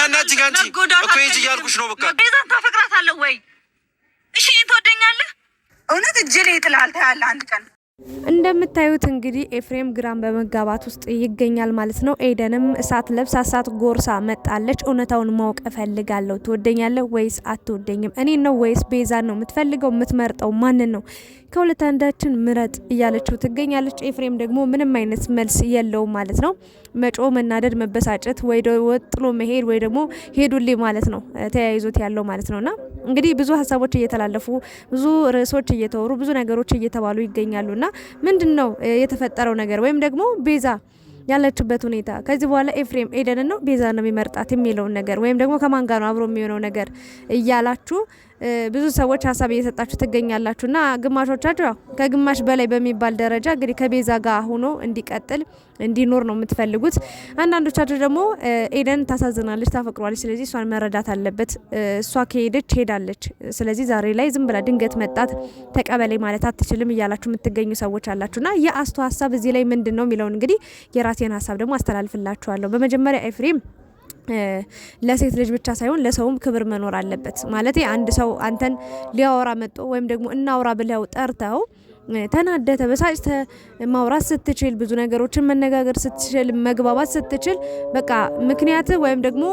ታናጅኝ አንቺ እኮ ሂጂ እያልኩሽ ነው። በቃ ቤዛን ታፈቅራታለህ ወይ? እሺ ትወደኛለህ? እውነት እጅ ላይ ጥልሃል። ታያለህ አንድ ቀን እንደምታዩት እንግዲህ ኤፍሬም ግራም በመጋባት ውስጥ ይገኛል ማለት ነው። ኤደንም እሳት ለብሳ እሳት ጎርሳ መጣለች። እውነታውን ማወቅ እፈልጋለሁ። ትወደኛለህ ወይስ አትወደኝም? እኔ ነው ወይስ ቤዛን ነው የምትፈልገው? የምትመርጠው ማንን ነው? ከሁለት አንዳችን ምረጥ እያለችው ትገኛለች። ኤፍሬም ደግሞ ምንም አይነት መልስ የለውም ማለት ነው። መጮ፣ መናደድ፣ መበሳጨት ወይ ወጥሎ መሄድ ወይ ደግሞ ሄዱልኝ ማለት ነው ተያይዞት ያለው ማለት ነውና እንግዲህ ብዙ ሀሳቦች እየተላለፉ ብዙ ርዕሶች እየተወሩ ብዙ ነገሮች እየተባሉ ይገኛሉ። ይገኛሉና ምንድን ነው የተፈጠረው ነገር ወይም ደግሞ ቤዛ ያለችበት ሁኔታ ከዚህ በኋላ ኤፍሬም ኤደንን ነው ቤዛ ነው የሚመርጣት የሚለውን ነገር ወይም ደግሞ ከማን ጋር ነው አብሮ የሚሆነው ነገር እያላችሁ ብዙ ሰዎች ሀሳብ እየሰጣችሁ ትገኛላችሁ እና ግማሾቻችሁ ከግማሽ በላይ በሚባል ደረጃ እንግዲህ ከቤዛ ጋር ሆኖ እንዲቀጥል እንዲኖር ነው የምትፈልጉት። አንዳንዶቻችሁ ደግሞ ኤደን ታሳዝናለች፣ ታፈቅሯለች፣ ስለዚህ እሷን መረዳት አለበት፣ እሷ ከሄደች ሄዳለች፣ ስለዚህ ዛሬ ላይ ዝም ብላ ድንገት መጣት ተቀበሌ ማለት አትችልም እያላችሁ የምትገኙ ሰዎች አላችሁ እና የአስቶ ሀሳብ እዚህ ላይ ምንድን ነው የሚለውን እንግዲህ የራሴን ሀሳብ ደግሞ አስተላልፍላችኋለሁ። በመጀመሪያ ኤፍሬም ለሴት ልጅ ብቻ ሳይሆን ለሰውም ክብር መኖር አለበት። ማለት አንድ ሰው አንተን ሊያወራ መጥቶ ወይም ደግሞ እናውራ ብለው ጠርተው ተናደ ተበሳጭተ ማውራት ስትችል ብዙ ነገሮችን መነጋገር ስትችል መግባባት ስትችል በቃ ምክንያት ወይም ደግሞ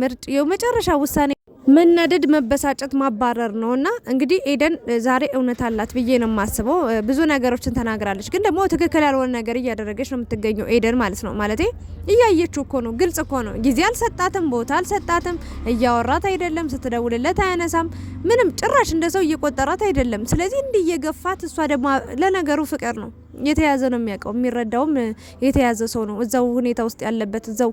ምርጥ የመጨረሻ ውሳኔ መናደድ፣ መበሳጨት፣ ማባረር ነው እና እንግዲህ ኤደን ዛሬ እውነት አላት ብዬ ነው የማስበው። ብዙ ነገሮችን ተናግራለች፣ ግን ደግሞ ትክክል ያልሆነ ነገር እያደረገች ነው የምትገኘው ኤደን ማለት ነው። ማለቴ እያየችው እኮ ነው፣ ግልጽ እኮ ነው። ጊዜ አልሰጣትም፣ ቦታ አልሰጣትም፣ እያወራት አይደለም፣ ስትደውልለት አያነሳም፣ ምንም ጭራሽ እንደ ሰው እየቆጠራት አይደለም። ስለዚህ እንዲህ እየገፋት እሷ ደግሞ ለነገሩ ፍቅር ነው የተያዘ ነው የሚያውቀው። የሚረዳውም የተያዘ ሰው ነው። እዛው ሁኔታ ውስጥ ያለበት እዛው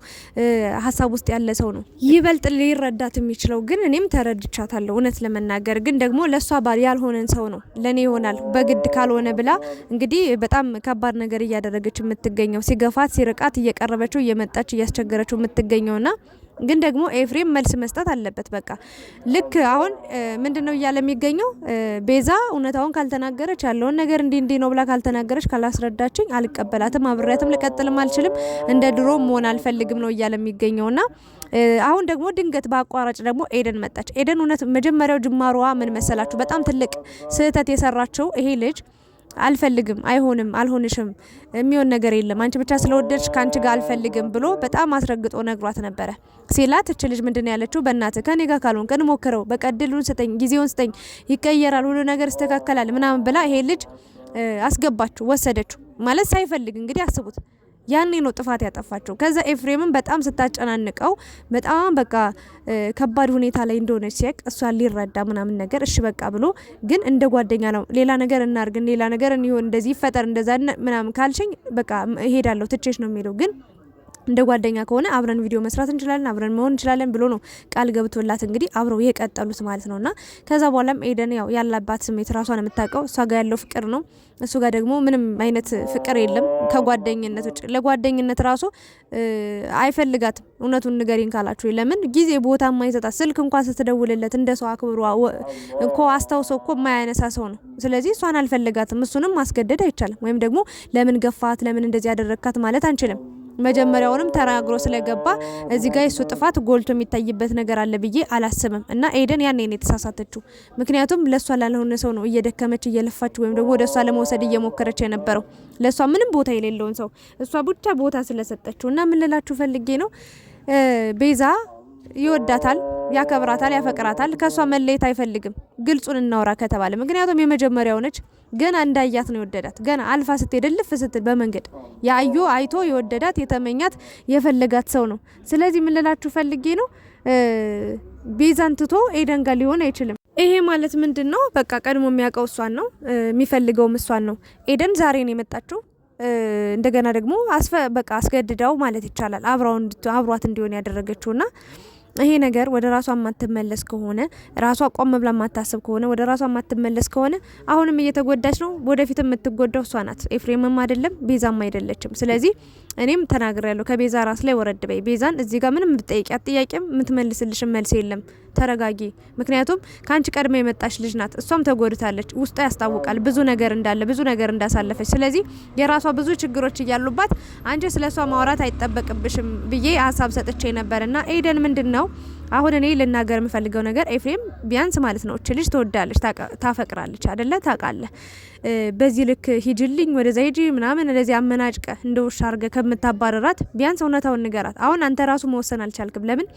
ሀሳብ ውስጥ ያለ ሰው ነው ይበልጥ ሊረዳት የሚችለው። ግን እኔም ተረድቻታለሁ። እውነት ለመናገር ግን ደግሞ ለእሷ ባል ያልሆነን ሰው ነው ለእኔ ይሆናል በግድ ካልሆነ ብላ እንግዲህ በጣም ከባድ ነገር እያደረገች የምትገኘው ሲገፋት፣ ሲርቃት፣ እየቀረበችው እየመጣች እያስቸገረችው የምትገኘውና ግን ደግሞ ኤፍሬም መልስ መስጠት አለበት። በቃ ልክ አሁን ምንድን ነው እያለ የሚገኘው ቤዛ እውነታውን ካልተናገረች ያለውን ነገር እንዲህ እንዲህ ነው ብላ ካልተናገረች ካላስረዳችኝ አልቀበላትም፣ አብሬያትም ልቀጥልም አልችልም፣ እንደ ድሮ መሆን አልፈልግም ነው እያለ የሚገኘው ና አሁን ደግሞ ድንገት በአቋራጭ ደግሞ ኤደን መጣች። ኤደን እውነት መጀመሪያው ጅማሮዋ ምን መሰላችሁ? በጣም ትልቅ ስህተት የሰራችው ይሄ ልጅ አልፈልግም፣ አይሆንም፣ አልሆንሽም፣ የሚሆን ነገር የለም፣ አንቺ ብቻ ስለወደድሽ ከአንቺ ጋር አልፈልግም ብሎ በጣም አስረግጦ ነግሯት ነበረ። ሲላት እች ልጅ ምንድን ያለችው በእናት ከኔ ጋር ካልሆን ቀን ሞክረው፣ ስጠኝ፣ ጊዜውን ስጠኝ፣ ይቀየራል፣ ሁሉ ነገር ይስተካከላል ምናምን ብላ ይሄ ልጅ አስገባችሁ፣ ወሰደችው ማለት ሳይፈልግ እንግዲህ አስቡት። ያኔ ነው ጥፋት ያጠፋቸው። ከዛ ኤፍሬምን በጣም ስታጨናንቀው በጣም በቃ ከባድ ሁኔታ ላይ እንደሆነች ሲያቅ እሷን ሊረዳ ምናምን ነገር እሺ በቃ ብሎ ግን እንደ ጓደኛ ነው ሌላ ነገር እናርግን ሌላ ነገር እንሆን እንደዚህ ይፈጠር እንደዛ ምናምን ካልሽኝ በቃ እሄዳለሁ ትቼሽ ነው የሚለው ግን እንደ ጓደኛ ከሆነ አብረን ቪዲዮ መስራት እንችላለን፣ አብረን መሆን እንችላለን ብሎ ነው ቃል ገብቶላት እንግዲህ አብረው የቀጠሉት ማለት እና ከዛ በኋላም ኤደን ያው ያላባት ስሜት ራሷን የምታውቀው እሷ ጋር ያለው ፍቅር ነው። እሱ ጋር ደግሞ ምንም አይነት ፍቅር የለም ከጓደኝነት ውጭ። ለጓደኝነት ራሱ አይፈልጋትም። እውነቱን ንገሪን ካላችሁ ለምን ጊዜ ቦታ ማይሰጣት ስልክ እንኳን ስትደውልለት እንደ ሰው አክብሮ እኮ አስታውሶ እኮ የማያነሳ ሰው ነው። ስለዚህ እሷን አልፈልጋትም። እሱንም ማስገደድ አይቻልም። ወይም ደግሞ ለምን ገፋት፣ ለምን እንደዚህ ያደረግካት ማለት አንችልም። መጀመሪያውንም ተናግሮ ስለገባ እዚህ ጋር የእሱ ጥፋት ጎልቶ የሚታይበት ነገር አለ ብዬ አላስብም። እና ኤደን ያኔ ነው የተሳሳተችው። ምክንያቱም ለእሷ ላልሆነ ሰው ነው እየደከመች እየለፋች፣ ወይም ደግሞ ወደ እሷ ለመውሰድ እየሞከረች የነበረው ለእሷ ምንም ቦታ የሌለውን ሰው እሷ ብቻ ቦታ ስለሰጠችው እና ምንላችሁ ፈልጌ ነው ቤዛ ይወዳታል ያከብራታል፣ ያፈቅራታል፣ ከእሷ መለየት አይፈልግም። ግልጹን እናውራ ከተባለ ምክንያቱም የመጀመሪያው ነች። ገና እንዳያት ነው የወደዳት። ገና አልፋ ስትሄድ ልፍ ስትል በመንገድ የአዩ አይቶ የወደዳት የተመኛት የፈለጋት ሰው ነው። ስለዚህ ምን ፈልጌ ነው ቤዛን ትቶ ኤደን ጋር ሊሆን አይችልም። ይሄ ማለት ምንድን ነው? በቃ ቀድሞ የሚያውቀው እሷን ነው የሚፈልገውም እሷን ነው። ኤደን ዛሬ ነው የመጣችው። እንደገና ደግሞ በቃ አስገድዳው ማለት ይቻላል አብሯት እንዲሆን ያደረገችውና ይሄ ነገር ወደ ራሷ የማትመለስ ከሆነ ራሷ ቆም ብላ የማታስብ ከሆነ ወደ ራሷ የማትመለስ ከሆነ አሁንም እየተጎዳች ነው። ወደፊት የምትጎዳው እሷ ናት። ኤፍሬምም አይደለም ቤዛም አይደለችም። ስለዚህ እኔም ተናግሬያለሁ፣ ከቤዛ ራስ ላይ ወረድ በይ። ቤዛን እዚህ ጋር ምንም የምትጠይቂያት ጥያቄም የምትመልስልሽ መልስ የለም። ተረጋጊ። ምክንያቱም ከአንቺ ቀድማ የመጣች ልጅ ናት። እሷም ተጎድታለች። ውስጧ ያስታውቃል ብዙ ነገር እንዳለ፣ ብዙ ነገር እንዳሳለፈች። ስለዚህ የራሷ ብዙ ችግሮች እያሉባት አንቺ ስለ እሷ ማውራት አይጠበቅብሽም ብዬ ሀሳብ ሰጥቼ ነበር እና ኤደን ምንድን ነው አሁን እኔ ልናገር የምፈልገው ነገር ኤፍሬም ቢያንስ ማለት ነው እች ልጅ ትወዳለች፣ ታፈቅራለች፣ አደለ ታውቃለህ። በዚህ ልክ ሂጅልኝ፣ ወደዛ ሂጂ ምናምን እንደዚህ አመናጭቀ እንደ ውሻ አርገ ከምታባረራት ቢያንስ እውነታውን ንገራት። አሁን አንተ ራሱ መወሰን አልቻልክም። ለምን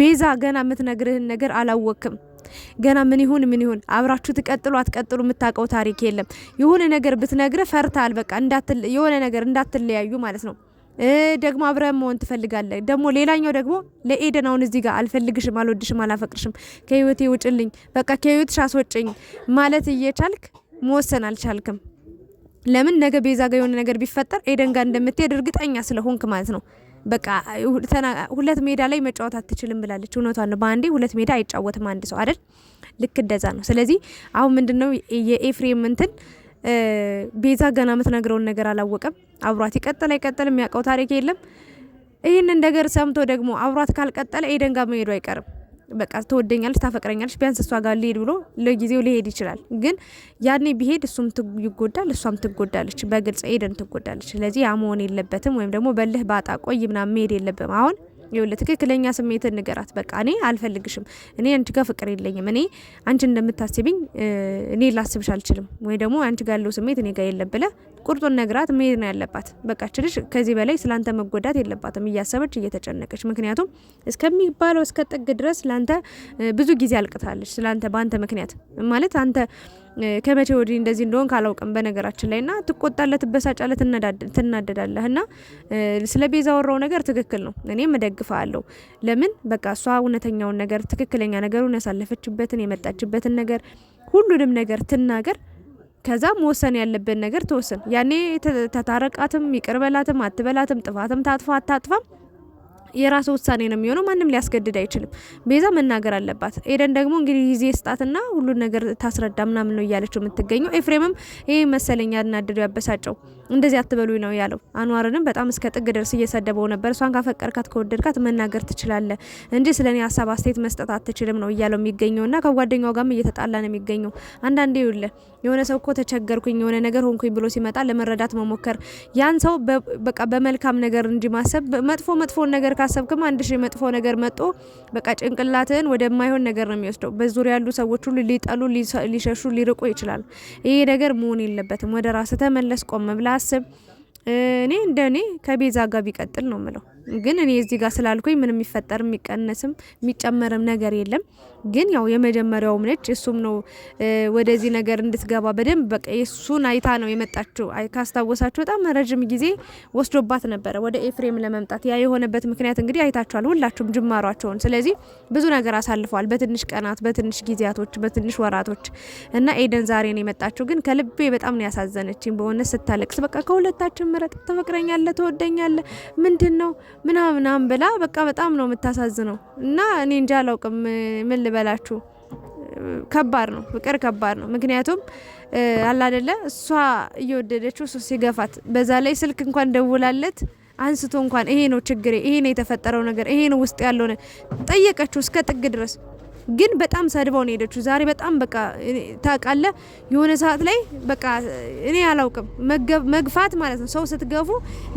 ቤዛ ገና የምትነግርህን ነገር አላወቅም። ገና ምን ይሁን ምን ይሁን አብራችሁ ትቀጥሉ አትቀጥሉ የምታውቀው ታሪክ የለም። የሆነ ነገር ብትነግረ ፈርታል፣ በቃ የሆነ ነገር እንዳትለያዩ ማለት ነው ደግሞ አብረን መሆን ትፈልጋለህ። ደግሞ ሌላኛው ደግሞ ለኤደን አሁን እዚህ ጋር አልፈልግሽም፣ አልወድሽም፣ አላፈቅርሽም፣ ከህይወቴ ውጭልኝ፣ በቃ ከህይወትሽ አስወጭኝ ማለት እየቻልክ መወሰን አልቻልክም። ለምን ነገ ቤዛ ጋር የሆነ ነገር ቢፈጠር ኤደን ጋር እንደምትሄድ እርግጠኛ ስለሆንክ ማለት ነው። በቃ ሁለት ሜዳ ላይ መጫወት አትችልም ብላለች። እውነቷን ነው። በአንዴ ሁለት ሜዳ አይጫወትም አንድ ሰው አይደል? ልክ እንደዛ ነው። ስለዚህ አሁን ምንድነው የኤፍሬም እንትን ቤዛ ገና የምትነግረውን ነገር አላወቀም። አብሯት ይቀጥል አይቀጥል የሚያውቀው ታሪክ የለም። ይህንን ነገር ሰምቶ ደግሞ አብሯት ካልቀጠለ ኤደን ጋር መሄዱ አይቀርም። በቃ ትወደኛለች፣ ታፈቅረኛለች፣ ቢያንስ እሷ ጋር ሊሄድ ብሎ ለጊዜው ሊሄድ ይችላል። ግን ያኔ ቢሄድ እሱም ይጎዳል፣ እሷም ትጎዳለች። በግልጽ ኤደን ትጎዳለች። ስለዚህ ያ መሆን የለበትም። ወይም ደግሞ በልህ ባጣ ቆይ ምናምን መሄድ የለብም አሁን ይኸውልህ ትክክለኛ ስሜትን ንገራት። በቃ እኔ አልፈልግሽም፣ እኔ አንቺ ጋር ፍቅር የለኝም፣ እኔ አንቺ እንደምታስቢኝ እኔ ላስብሽ አልችልም፣ ወይ ደግሞ አንቺ ጋር ያለው ስሜት እኔ ጋር የለም ብለህ ቁርጡን ነግራት መሄድ ነው ያለባት። በቃ ችልሽ ከዚህ በላይ ስላንተ መጎዳት የለባትም እያሰበች እየተጨነቀች። ምክንያቱም እስከሚባለው እስከ ጥግ ድረስ ለአንተ ብዙ ጊዜ አልቅታለች። ስላንተ በአንተ ምክንያት ማለት አንተ ከመቼ ወዲህ እንደዚህ እንደሆን ካላውቅም በነገራችን ላይ ና ትቆጣለ፣ ትበሳጫለ፣ ትናደዳለህ። እና ስለ ቤዛ ወራው ነገር ትክክል ነው፣ እኔም እደግፋለሁ። ለምን በቃ እሷ እውነተኛውን ነገር ትክክለኛ ነገሩን ያሳለፈችበትን የመጣችበትን ነገር ሁሉንም ነገር ትናገር። ከዛ መወሰን ያለብን ነገር ተወሰን። ያኔ ተታረቃትም፣ ይቅርበላትም አትበላትም፣ ጥፋትም ታጥፋ አታጥፋም የራስ ውሳኔ ነው የሚሆነው። ማንም ሊያስገድድ አይችልም። ቤዛ መናገር አለባት። ኤደን ደግሞ እንግዲህ ጊዜ ስጣትና ሁሉን ነገር ታስረዳ ምናምን ነው እያለችው የምትገኘው። ኤፍሬምም ይህ መሰለኛ ያናደደው ያበሳጨው እንደዚህ አትበሉ ነው ያለው። አንዋርንም በጣም እስከ ጥግ ደርስ እየሰደበው ነበር። እሷን ካፈቀርካት ከወደድካት መናገር ትችላለ እንጂ ስለ እኔ ሀሳብ አስተያየት መስጠት አትችልም ነው እያለው የሚገኘውና ከጓደኛው ጋርም እየተጣላ ነው የሚገኘው። አንዳንዴ ይውለ የሆነ ሰው እኮ ተቸገርኩኝ የሆነ ነገር ሆንኩኝ ብሎ ሲመጣ ለመረዳት መሞከር ያን ሰው በቃ በመልካም ነገር እንዲማሰብ መጥፎ መጥፎ ነገር ካላሰብክም አንድ ሺህ መጥፎ ነገር መጦ በቃ ጭንቅላትህን ወደማይሆን ነገር ነው የሚወስደው። በዙሪያ ያሉ ሰዎች ሁሉ ሊጠሉ፣ ሊሸሹ፣ ሊርቁ ይችላል። ይሄ ነገር መሆን የለበትም። ወደ ራስህ ተመለስ። ቆም ብለህ አስብ። እኔ እንደኔ ከቤዛ ጋር ቢቀጥል ነው ምለው። ግን እኔ እዚህ ጋር ስላልኩኝ ምንም የሚፈጠር የሚቀነስም የሚጨመርም ነገር የለም። ግን ያው የመጀመሪያውም ነች፣ እሱም ነው ወደዚህ ነገር እንድትገባ በደንብ በቃ የእሱን አይታ ነው የመጣችው። ካስታወሳችሁ በጣም ረዥም ጊዜ ወስዶባት ነበረ ወደ ኤፍሬም ለመምጣት። ያ የሆነበት ምክንያት እንግዲህ አይታችኋል ሁላችሁም ጅማሯቸውን። ስለዚህ ብዙ ነገር አሳልፈዋል፣ በትንሽ ቀናት፣ በትንሽ ጊዜያቶች፣ በትንሽ ወራቶች እና ኤደን ዛሬ ነው የመጣችው። ግን ከልቤ በጣም ነው ያሳዘነችኝ በሆነ ስታለቅስ፣ በቃ ከሁለታችን ምረጥ፣ ትፈቅረኛለህ፣ ትወደኛለህ ምንድን ነው ምናምናም ብላ በቃ በጣም ነው የምታሳዝነው። እና እኔ እንጃ አላውቅም ምን ልበላችሁ። ከባድ ነው ፍቅር ከባድ ነው። ምክንያቱም አላደለ እሷ እየወደደችው እሱ ሲገፋት፣ በዛ ላይ ስልክ እንኳን ደውላለት አንስቶ እንኳን ይሄ ነው ችግሬ፣ ይሄ ነው የተፈጠረው ነገር፣ ይሄ ነው ውስጥ ያለው ጠየቀችው እስከ ጥግ ድረስ ግን በጣም ሰድባው ነው ሄደችው። ዛሬ በጣም በቃ ታቃለ የሆነ ሰዓት ላይ በቃ እኔ አላውቅም መግፋት ማለት ነው። ሰው ስትገፉ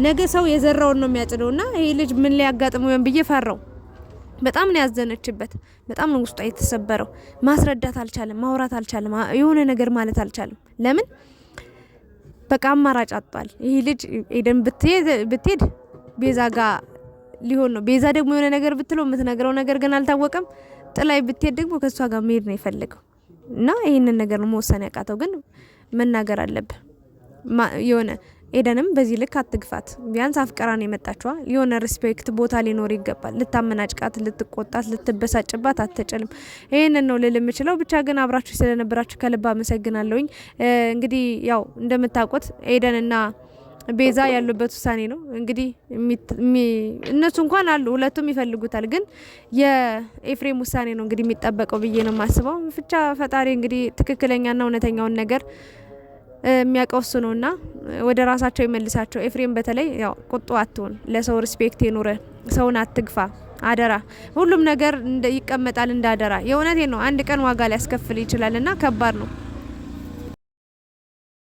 ነገ ሰው የዘራውን ነው የሚያጭደው። ና ይሄ ልጅ ምን ሊያጋጥመው ብዬ ፈራው። በጣም ነው ያዘነችበት። በጣም ነው ውስጧ የተሰበረው። ማስረዳት አልቻለም፣ ማውራት አልቻለም፣ የሆነ ነገር ማለት አልቻለም። ለምን በቃ አማራጭ አጥቷል። ይሄ ልጅ ኤደን ብትሄድ ቤዛ ጋር ሊሆን ነው። ቤዛ ደግሞ የሆነ ነገር ብትለው የምትነግረው ነገር ግን አልታወቀም። ጥላይ ብትሄድ ደግሞ ከእሷ ጋር መሄድ ነው የፈለገው እና ይህንን ነገር ነው መወሰን ያቃተው። ግን መናገር አለብ የሆነ ኤደንም በዚህ ልክ አትግፋት። ቢያንስ አፍቀራን የመጣችዋ የሆነ ሪስፔክት ቦታ ሊኖር ይገባል። ልታመናጭቃት፣ ልትቆጣት፣ ልትበሳጭባት አትችልም። ይህንን ነው ልል የምችለው። ብቻ ግን አብራችሁ ስለነበራችሁ ከልብ አመሰግናለሁኝ። እንግዲህ ያው እንደምታውቁት ኤደንና ቤዛ ያሉበት ውሳኔ ነው። እንግዲህ እነሱ እንኳን አሉ ሁለቱም ይፈልጉታል፣ ግን የኤፍሬም ውሳኔ ነው እንግዲህ የሚጠበቀው ብዬ ነው የማስበው። ብቻ ፈጣሪ እንግዲህ ትክክለኛና እውነተኛውን ነገር የሚያውቀው ነው እና ወደ ራሳቸው ይመልሳቸው። ኤፍሬም በተለይ ያው ቁጡ አትሆን፣ ለሰው ሪስፔክት ይኑረ፣ ሰውን አትግፋ። አደራ ሁሉም ነገር ይቀመጣል እንደ አደራ። የእውነቴ ነው። አንድ ቀን ዋጋ ሊያስከፍል ይችላል እና ከባድ ነው።